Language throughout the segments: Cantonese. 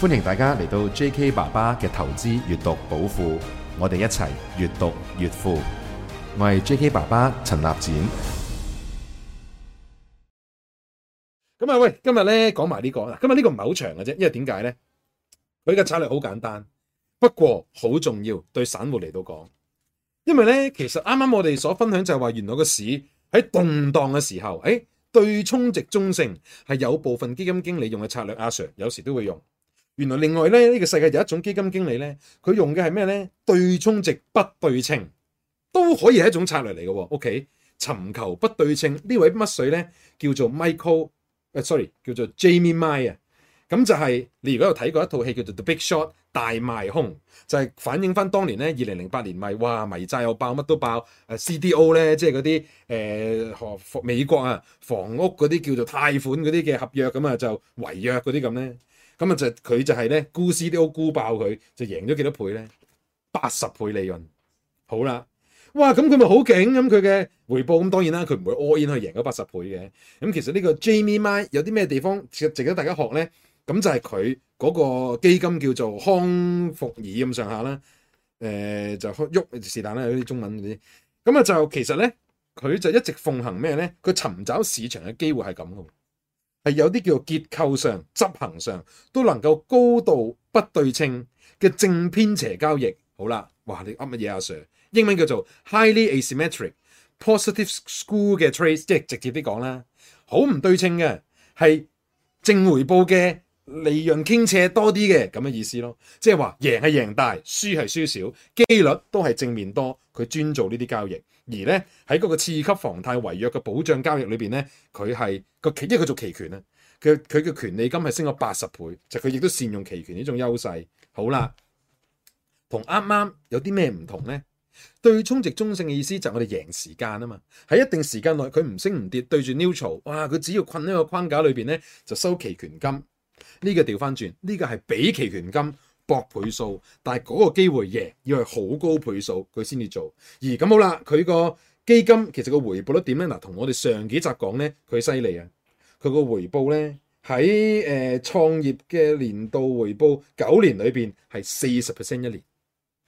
歡迎大家嚟到 J.K. 爸爸嘅投資閱讀寶庫，我哋一齊閱讀越富。我係 J.K. 爸爸陳立展。咁啊，喂，今日咧講埋呢個喇。今日呢個唔係好長嘅啫，因為點解咧？佢嘅策略好簡單，不過好重要對散戶嚟到講。因為咧，其實啱啱我哋所分享就係話，原來個市喺動盪嘅時候，誒對沖值中性係有部分基金經理用嘅策略。阿 Sir 有時都會用。原來另外咧，呢個世界有一種基金經理咧，佢用嘅係咩咧？對沖值不對稱都可以係一種策略嚟嘅。OK，尋求不對稱呢位乜水咧，叫做 Michael，呃、sorry 叫做 Jamie Mai 啊。咁就係，你如果有睇過一套戲叫做 The Big Short 大賣空，就係反映翻當年咧，二零零八年咪哇，迷債又爆，乜都爆。誒 CDO 咧，即係嗰啲誒學美國啊房屋嗰啲叫做貸款嗰啲嘅合約咁啊，就違約嗰啲咁咧。咁啊就佢就係咧，股市你要沽爆佢就贏咗幾多倍咧？八十倍利潤，好啦，哇！咁佢咪好勁，咁佢嘅回報咁當然啦，佢唔會 all in 去贏咗八十倍嘅。咁其實呢個 Jamie Mai 有啲咩地方值得大家學咧？咁就係佢嗰個基金叫做康福爾咁上下啦。誒、呃、就喐是但啦，有啲中文嗰啲。咁啊就其實咧，佢就一直奉行咩咧？佢尋找市場嘅機會係咁嘅。係有啲叫做結構上執行上都能夠高度不對稱嘅正偏斜交易，好啦，哇，你噏乜嘢啊？阿 Sir，英文叫做 highly asymmetric positive skew 嘅 trades 即係直接啲講啦，好唔對稱嘅，係正回報嘅。利潤傾斜多啲嘅咁嘅意思咯，即係話贏係贏大，輸係輸少，機率都係正面多。佢專做呢啲交易，而咧喺嗰個次級房貸違約嘅保障交易裏邊咧，佢係個奇，一佢做期權啊，佢佢嘅權利金係升咗八十倍，就佢、是、亦都善用期權呢種優勢。好啦，剛剛同啱啱有啲咩唔同咧？對沖值中性嘅意思就係我哋贏時間啊嘛，喺一定時間內佢唔升唔跌，對住 neutral，哇！佢只要困喺個框架裏邊咧，就收期權金。呢個調翻轉，呢、呢個係比期權金搏倍數，但係嗰個機會贏要係好高倍數佢先至做。而咁好啦，佢個基金其實個回報率點咧？嗱，同我哋上幾集講咧，佢犀利啊！佢個回報咧喺誒創業嘅年度回報九年裏邊係四十 percent 一年。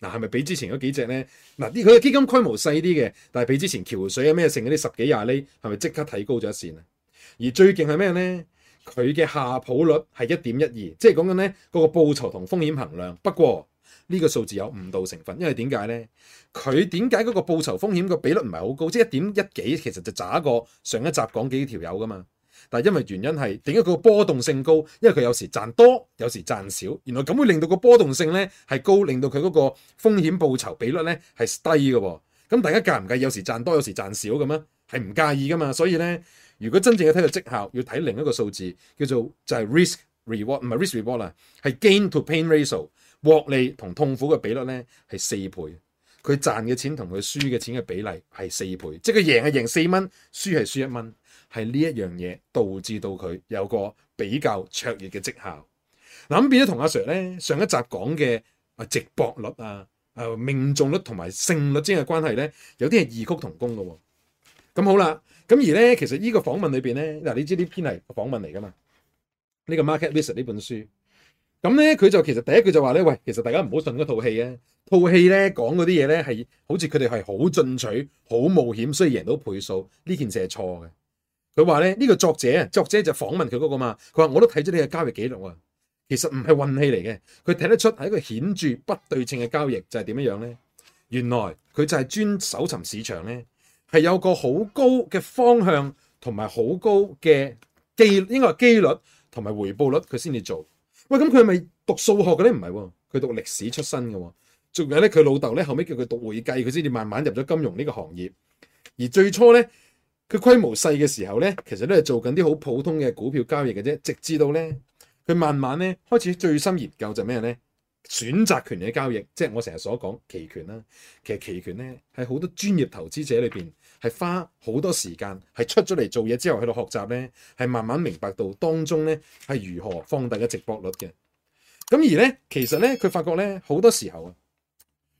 嗱、啊，係咪比之前嗰幾隻咧？嗱啲佢嘅基金規模細啲嘅，但係比之前橋水啊咩剩嗰啲十幾廿厘係咪即刻提高咗一線啊？而最勁係咩咧？佢嘅下普率係一點一二，即係講緊呢個報酬同風險衡量。不過呢個數字有誤導成分，因為點解呢？佢點解嗰個報酬風險個比率唔係好高，即係一點一幾，其實就差過上一集講幾條友噶嘛。但係因為原因係點解佢個波動性高？因為佢有時賺多，有時賺少。原來咁會令到個波動性呢係高，令到佢嗰個風險報酬比率呢係低嘅。咁、嗯、大家介唔介意有時賺多，有時賺少咁啊？係唔介意噶嘛？所以呢。如果真正要睇到績效，要睇另一個數字，叫做就係 risk reward，唔係 risk reward 啦，係 gain to pain ratio，獲利同痛苦嘅比率咧係四倍，佢賺嘅錢同佢輸嘅錢嘅比例係四倍，即係佢贏係贏四蚊，輸係輸一蚊，係呢一樣嘢導致到佢有個比較卓越嘅績效。嗱，咁變咗同阿 Sir 咧上一集講嘅啊值博率啊、啊命中率同埋勝率之間嘅關係咧，有啲係異曲同工嘅喎。咁好啦。咁而咧，其實個訪呢個訪問裏邊咧，嗱，你知呢篇係訪問嚟噶嘛？呢、這個《Market List》呢本書，咁咧佢就其實第一句就話咧，喂，其實大家唔好信嗰套戲啊，套戲咧講嗰啲嘢咧係好似佢哋係好進取、好冒險，所以贏到倍數，呢件事係錯嘅。佢話咧呢、這個作者啊，作者就訪問佢嗰個嘛，佢話我都睇咗你嘅交易記錄啊，其實唔係運氣嚟嘅，佢睇得出係一個顯著不對稱嘅交易就係、是、點樣樣咧？原來佢就係專搜尋市場咧。係有個好高嘅方向同埋好高嘅機應該係機率同埋回報率，佢先至做。喂，咁佢係咪讀數學嘅咧？唔係喎，佢讀歷史出身嘅喎。仲有咧，佢老豆咧後尾叫佢讀會計，佢先至慢慢入咗金融呢個行業。而最初咧，佢規模細嘅時候咧，其實都係做緊啲好普通嘅股票交易嘅啫。直至到咧，佢慢慢咧開始最深研究就咩咧？選擇權嘅交易，即係我成日所講期權啦。其實期權咧喺好多專業投資者裏邊，係花好多時間，係出咗嚟做嘢之後，喺度學習咧，係慢慢明白到當中咧係如何放大嘅值博率嘅。咁而咧，其實咧，佢發覺咧，好多時候啊，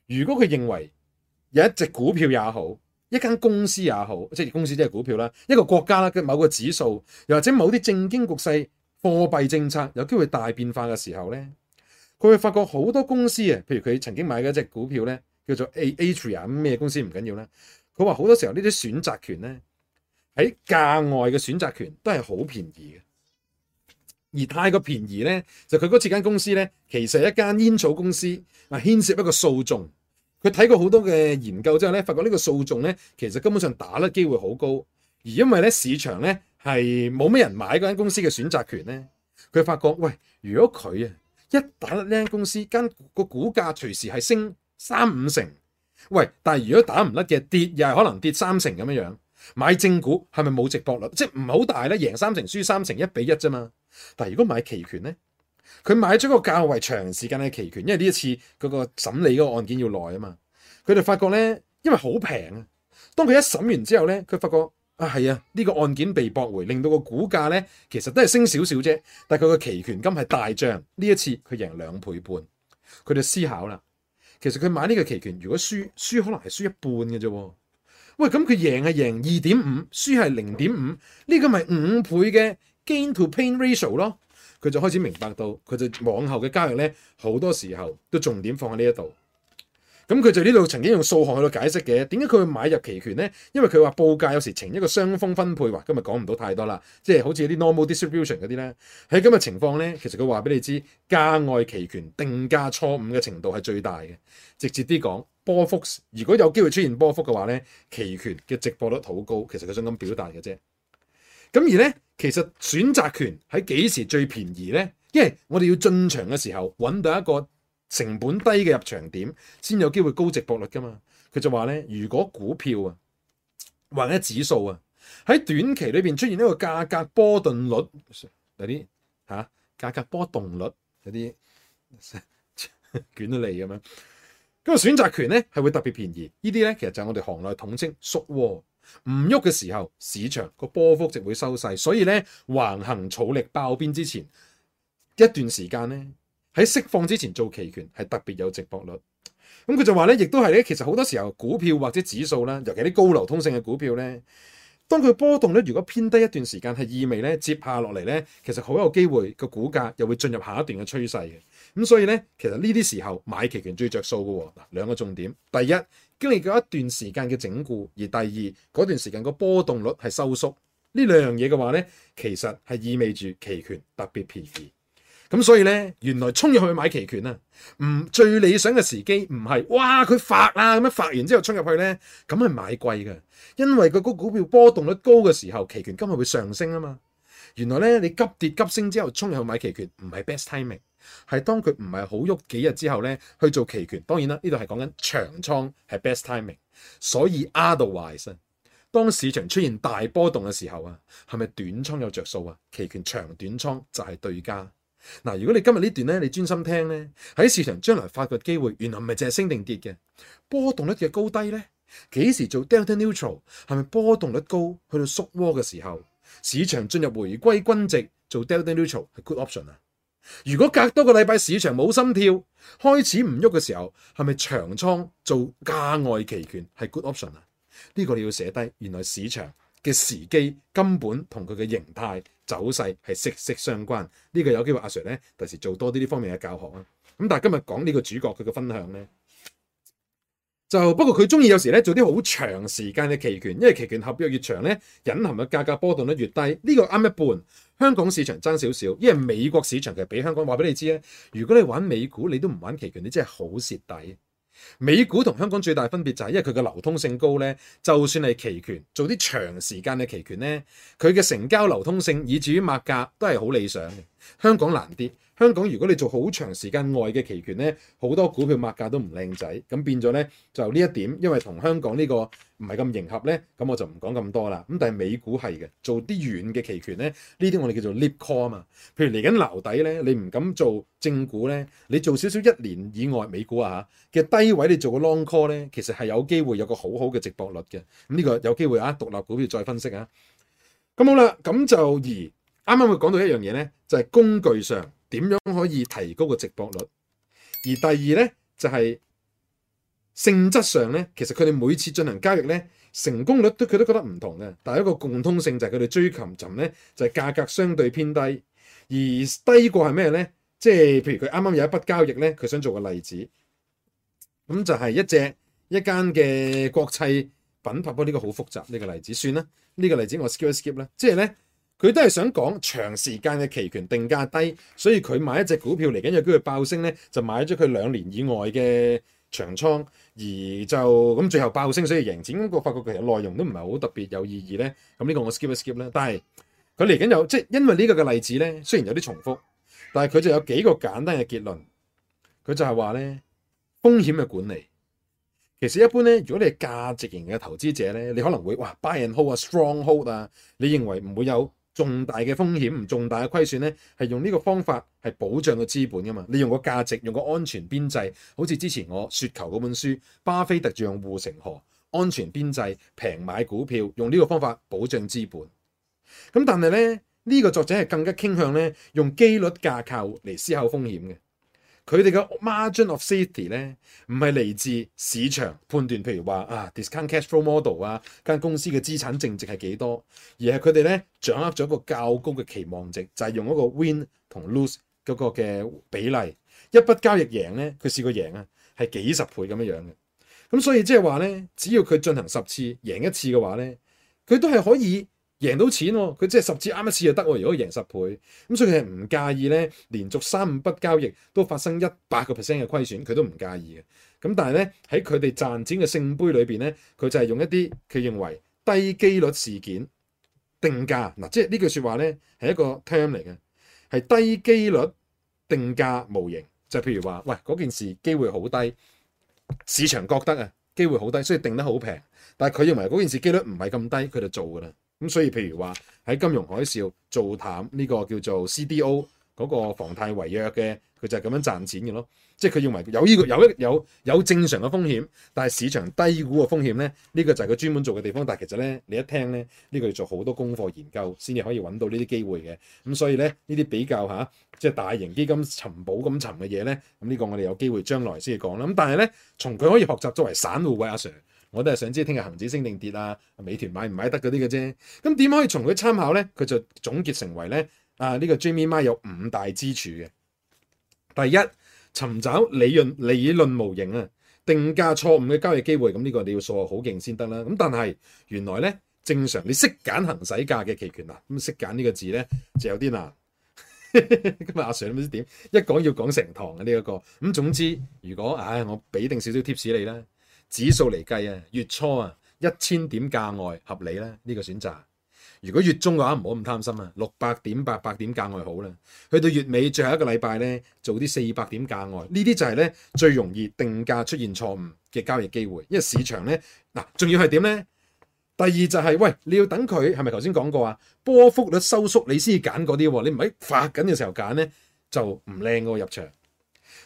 如果佢認為有一隻股票也好，一間公司也好，即係公，公司即係股票啦，一個國家啦嘅某個指數，又或者某啲政經局勢、貨幣政策有機會大變化嘅時候咧，佢會發覺好多公司啊，譬如佢曾經買嘅一隻股票咧，叫做 Aatria，咩公司唔緊要啦。佢話好多時候呢啲選擇權呢，喺價外嘅選擇權都係好便宜嘅，而太過便宜呢，就佢嗰次間公司呢，其實係一間煙草公司啊，牽涉一個訴訟，佢睇過好多嘅研究之後呢，發覺呢個訴訟呢，其實根本上打得機會好高，而因為呢市場呢，係冇咩人買嗰間公司嘅選擇權呢，佢發覺喂，如果佢啊一打呢間公司，間個股價隨時係升三五成。喂，但係如果打唔甩嘅跌又係可能跌三成咁樣樣，買正股係咪冇值博率？即係唔係好大咧，贏三成輸，輸三成，一比一啫嘛。但係如果買期權咧，佢買咗個較為長時間嘅期權，因為呢一次嗰個審理嗰個案件要耐啊嘛。佢哋發覺咧，因為好平啊，當佢一審完之後咧，佢發覺啊係啊，呢、啊這個案件被駁回，令到個股價咧其實都係升少少啫，但係佢個期權金係大漲。呢一次佢贏兩倍半，佢哋思考啦。其實佢買呢個期權，如果輸，輸可能係輸一半嘅啫。喂，咁佢贏係贏二點五，輸係零點五，呢個咪五倍嘅 gain to pain ratio 咯。佢就開始明白到，佢就往後嘅交易咧，好多時候都重點放喺呢一度。咁佢就呢度曾經用數學去到解釋嘅，點解佢會買入期權呢？因為佢話報價有時呈一個雙峰分配，話今日講唔到太多啦，即係好似啲 normal distribution 嗰啲咧。喺今日情況咧，其實佢話俾你知，價外期權定價錯誤嘅程度係最大嘅。直接啲講，波幅如果有機會出現波幅嘅話咧，期權嘅值博率好高，其實佢想咁表達嘅啫。咁而咧，其實選擇權喺幾時最便宜呢？因為我哋要進場嘅時候揾到一個成本低嘅入場點，先有機會高值博率㗎嘛？佢就話咧，如果股票啊，或者指數啊，喺短期裏邊出現呢個價格波動率，有啲吓，價、啊、格波動率有啲卷到你咁樣，咁、 個選擇權咧係會特別便宜。呢啲咧其實就係我哋行內統稱縮窩。唔喐嘅時候，市場個波幅值會收細，所以咧橫行儲力爆邊之前一段時間咧。喺釋放之前做期權係特別有值博率，咁佢就話咧，亦都係咧，其實好多時候股票或者指數啦，尤其啲高流通性嘅股票咧，當佢波動率，如果偏低一段時間，係意味咧接下落嚟咧，其實好有機會個股價又會進入下一段嘅趨勢嘅，咁所以咧，其實呢啲時候買期權最着數嘅喎，嗱兩個重點，第一經歷過一段時間嘅整固，而第二嗰段時間個波動率係收縮，呢兩樣嘢嘅話咧，其實係意味住期權特別便宜。咁所以呢，原來衝入去買期權啊，唔最理想嘅時機唔係哇佢發啊咁樣，發完之後衝入去呢，咁係買貴嘅，因為佢個股票波動率高嘅時候，期權今日會上升啊嘛。原來呢，你急跌急升之後衝入去買期權唔係 best timing，係當佢唔係好喐幾日之後呢去做期權。當然啦，呢度係講緊長倉係 best timing，所以 otherwise 當市場出現大波動嘅時候啊，係咪短倉有着數啊？期權長短倉就係對家。嗱，如果你今日呢段咧，你專心聽咧，喺市場將來發掘機會，原來唔係淨係升定跌嘅，波動率嘅高低咧，幾時做 Delta Neutral 係咪波動率高去到縮窩嘅時候，市場進入回歸均值做 Delta Neutral 係 Good Option 啊？如果隔多個禮拜市場冇心跳，開始唔喐嘅時候，係咪長倉做價外期權係 Good Option 啊？呢個你要寫低，原來市場。嘅時機根本同佢嘅形態走勢係息息相關，呢個有機會阿 Sir 咧，第時做多啲呢方面嘅教學啊。咁但係今日講呢個主角佢嘅分享咧，就不過佢中意有時咧做啲好長時間嘅期權，因為期權合約越長咧，隱含嘅價格波動率越低。呢個啱一半，香港市場爭少少，因為美國市場其實比香港。話俾你知咧，如果你玩美股，你都唔玩期權，你真係好蝕底。美股同香港最大分別就係，因為佢嘅流通性高呢。就算係期權做啲長時間嘅期權呢，佢嘅成交流通性以至於賣價都係好理想嘅。香港難啲。香港如果你做好長時間外嘅期權咧，好多股票賣價都唔靚仔咁變咗咧，就呢一點，因為同香港呢個唔係咁迎合咧，咁我就唔講咁多啦。咁但係美股係嘅，做啲遠嘅期權咧，呢啲我哋叫做 leap call 嘛。譬如嚟緊樓底咧，你唔敢做正股咧，你做少少一年以外美股啊嚇，其實低位你做個 long call 咧，其實係有機會有個好好嘅值博率嘅。咁呢個有機會啊，獨立股票再分析啊。咁好啦，咁就而啱啱會講到一樣嘢咧，就係工具上。點樣可以提高個值博率？而第二呢，就係性質上呢。其實佢哋每次進行交易呢，成功率都佢都覺得唔同嘅。但係一個共通性就係佢哋追求尋咧，就係價格相對偏低。而低過係咩呢？即係譬如佢啱啱有一筆交易呢，佢想做個例子。咁就係一隻一間嘅國際品牌，不過呢個好複雜，呢個例子算啦。呢個例子我 skip skip 啦，即係呢。佢都係想講長時間嘅期權定價低，所以佢買一隻股票嚟緊有機會爆升咧，就買咗佢兩年以外嘅長倉，而就咁最後爆升，所以贏錢。咁我發覺其實內容都唔係好特別有意義咧，咁呢個我 skip 一 skip 啦。但係佢嚟緊有即係因為呢個嘅例子咧，雖然有啲重複，但係佢就有幾個簡單嘅結論，佢就係話咧風險嘅管理，其實一般咧，如果你係價值型嘅投資者咧，你可能會哇 buy and hold 啊 strong hold 啊，你認為唔會有。重大嘅風險，唔重大嘅虧損，呢係用呢個方法係保障個資本噶嘛。你用個價值，用個安全邊際，好似之前我雪球嗰本書《巴菲特嘅護城河》，安全邊際平買股票，用呢個方法保障資本。咁但係呢，呢、呢個作者係更加傾向咧用機率架構嚟思考風險嘅。佢哋嘅 margin of safety 咧，唔係嚟自市場判斷，譬如話啊 discount cash flow model 啊，間公司嘅資產淨值係幾多，而係佢哋咧掌握咗一個較高嘅期望值，就係用一個 win 同 lose 嗰個嘅比例，一筆交易贏咧，佢試過贏啊，係幾十倍咁樣樣嘅，咁所以即係話咧，只要佢進行十次贏一次嘅話咧，佢都係可以。贏到錢喎、哦，佢即係十次啱一次就得喎、哦。如果贏十倍咁，所以佢係唔介意咧，連續三五筆交易都發生一百個 percent 嘅虧損，佢都唔介意嘅。咁但係咧，喺佢哋賺錢嘅聖杯裏邊咧，佢就係用一啲佢認為低機率事件定價嗱、啊，即係呢句説話咧係一個 term 嚟嘅，係低機率定價模型，就係、譬如話，喂嗰件事機會好低，市場覺得啊機會好低，所以定得好平，但係佢認為嗰件事機率唔係咁低，佢就做㗎啦。咁、嗯、所以譬如話喺金融海嘯做淡呢、呢個叫做 CDO 嗰個房貸違約嘅，佢就係咁樣賺錢嘅咯。即係佢認為有依、呢個有一、呢個、有有正常嘅風險，但係市場低估嘅風險咧，呢、呢個就係佢專門做嘅地方。但係其實咧，你一聽咧，呢、呢個要做好多功課研究先至可以揾到呢啲機會嘅。咁、嗯、所以咧，呢啲比較嚇、啊、即係大型基金尋寶咁尋嘅嘢咧，咁呢個我哋有機會將來先至講啦。咁但係咧，從佢可以學習作為散戶位阿 Sir。我都係想知聽日恒指升定跌啊！美團買唔買得嗰啲嘅啫。咁點可以從佢參考咧？佢就總結成為咧啊！呢、這個 GMI 有五大支柱嘅。第一，尋找理論理論模型啊，定價錯誤嘅交易機會。咁呢個你要數好勁先得啦。咁但係原來咧，正常你識揀行使價嘅期權啊。咁識揀呢個字咧就有啲難。 今日阿 Sir 唔知點，一講要講成堂嘅呢一個。咁總之，如果唉、哎，我俾定少少貼士你啦。指數嚟計啊，月初啊一千點價外合理啦，呢、這個選擇。如果月中嘅話，唔好咁貪心啊，六百點、八百點價外好啦。去到月尾最後一個禮拜咧，做啲四百點價外，呢啲就係咧最容易定價出現錯誤嘅交易機會。因為市場咧，嗱、啊，仲要係點咧？第二就係、是、喂，你要等佢係咪頭先講過啊？波幅率收縮，你先至揀嗰啲喎。你唔喺發緊嘅時候揀咧，就唔靚嘅入場。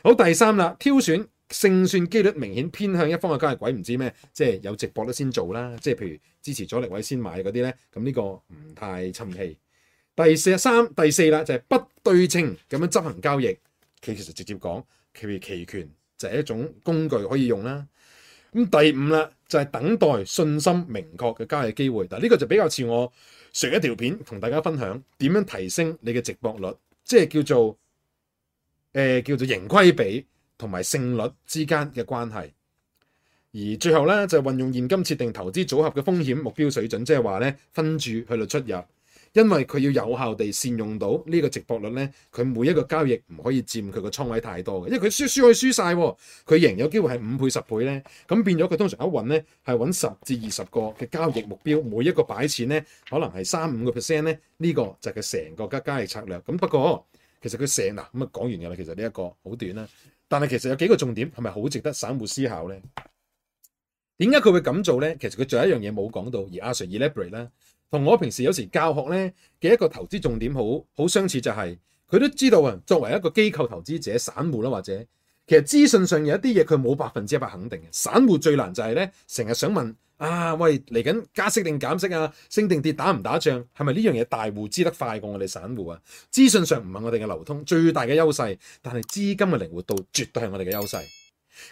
好，第三啦，挑選。勝算機率明顯偏向一方嘅交易，鬼唔知咩？即係有值博率先做啦，即係譬如支持阻力位先買嗰啲咧，咁呢個唔太趁氣。第四啊三第四啦，就係不對稱咁樣執行交易，佢其實直接講，譬如期權就係一種工具可以用啦。咁第五啦，就係等待信心明確嘅交易機會。但呢個就比較似我上一條片同大家分享點樣提升你嘅值博率，即係叫做誒、呃、叫做盈虧比。同埋勝率之間嘅關係，而最後咧就運用現金設定投資組合嘅風險目標水準，即係話咧分注去到出入，因為佢要有效地善用到呢個值博率咧。佢每一個交易唔可以佔佢個倉位太多嘅，因為佢輸輸可以輸曬、啊，佢贏有機會係五倍十倍咧。咁變咗佢通常一揾咧係揾十至二十個嘅交易目標，每一個擺錢咧可能係三五個 percent 咧。呢、呢個就係佢成個嘅交易策略咁。不過其實佢勝嗱咁啊講完㗎啦，其實呢一、呢個好短啦、啊。但係其實有幾個重點係咪好值得散戶思考呢？點解佢會咁做呢？其實佢仲有一樣嘢冇講到，而阿 Sir elaborate 啦，同我平時有時教學呢嘅一個投資重點，好好相似就係、是、佢都知道啊。作為一個機構投資者，散戶啦或者，其實資訊上有一啲嘢佢冇百分之一百肯定嘅。散戶最難就係、是、呢，成日想問。啊喂！嚟緊加息定減息啊，升定跌，打唔打仗？係咪呢樣嘢大戶知得快過我哋散戶啊？資訊上唔係我哋嘅流通最大嘅優勢，但係資金嘅靈活度絕對係我哋嘅優勢。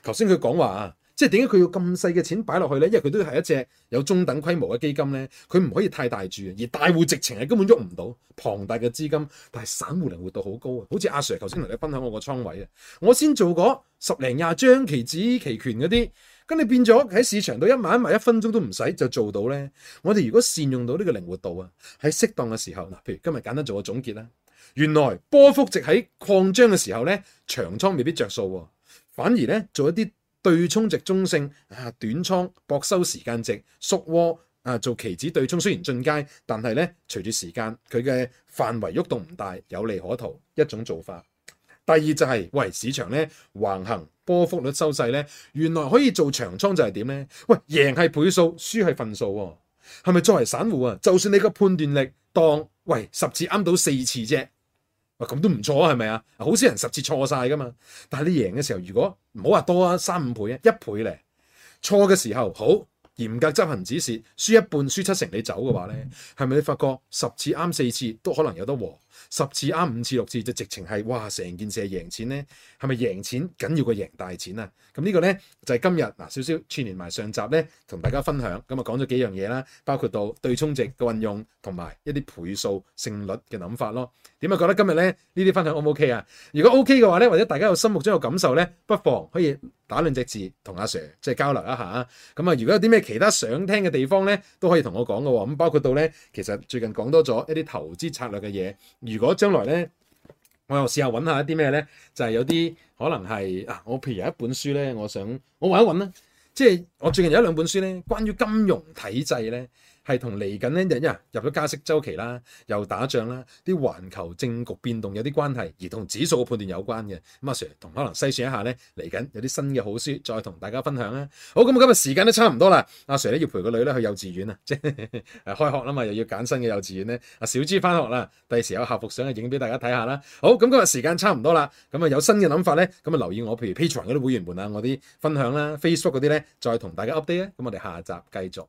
頭先佢講話啊，即係點解佢要咁細嘅錢擺落去呢？因為佢都係一隻有中等規模嘅基金呢，佢唔可以太大注，而大戶直情係根本喐唔到龐大嘅資金，但係散戶靈活度好高啊！好似阿 Sir 頭先同你分享我個倉位啊，我先做過十零廿張期指期權嗰啲。咁你變咗喺市場度一買一買一分鐘都唔使就做到咧。我哋如果善用到呢個靈活度啊，喺適當嘅時候嗱，譬如今日簡單做個總結啦。原來波幅值喺擴張嘅時候咧，長倉未必着數喎。反而咧，做一啲對沖值中性啊，短倉博收時間值縮窩啊，做期指對沖雖然進階，但係咧隨住時間佢嘅範圍喐動唔大，有利可圖一種做法。第二就係、是、喂市場咧橫行波幅率收細咧，原來可以做長倉就係點咧？喂贏係倍數，輸係份數喎、哦，係咪作為散戶啊？就算你個判斷力當喂十次啱到四次啫，喂咁都唔錯啊，係咪啊？好少人十次錯晒㗎嘛，但係你贏嘅時候，如果唔好話多啊三五倍啊一倍咧，錯嘅時候好嚴格執行止蝕，輸一半輸七成你走嘅話咧，係咪你發覺十次啱四次都可能有得和？十次啱五次六次就直情係哇！成件事係贏錢咧，係咪贏錢緊要過贏大錢啊？咁呢個咧就係、是、今日嗱少少串連埋上，上集咧，同大家分享咁啊講咗幾樣嘢啦，包括到對沖值嘅運用同埋一啲倍數勝率嘅諗法咯。點啊覺得今日咧呢啲分享 O 唔 OK 啊？如果 OK 嘅話咧，或者大家有心目中嘅感受咧，不妨可以，打兩隻字同阿 Sir 即係交流一下，咁啊，如果有啲咩其他想聽嘅地方咧，都可以同我講嘅喎。咁包括到咧，其實最近講多咗一啲投資策略嘅嘢。如果將來咧，我又試下揾下一啲咩咧，就係、是、有啲可能係啊，我譬如有一本書咧，我想我揾一揾啦，即係我最近有一兩本書咧，關於金融體制咧。係同嚟緊呢日，因入咗加息周期啦，又打仗啦，啲環球政局變動有啲關係，而同指數嘅判斷有關嘅。咁阿 Sir 同可能細算一下咧，嚟緊有啲新嘅好書，再同大家分享啦。好，咁，今日時間都差唔多啦。阿 Sir 咧要陪個女咧去幼稚園啊，即 係開學啦嘛，又要揀新嘅幼稚園咧。阿小豬翻學啦，第時有校服相又影俾大家睇下啦。好，咁，今日時間差唔多啦。咁啊有新嘅諗法咧，咁啊留意我，譬如 Patreon 嗰啲會員們啊，我啲分享啦，Facebook 嗰啲咧，再同大家 update 啊。咁我哋下集繼續。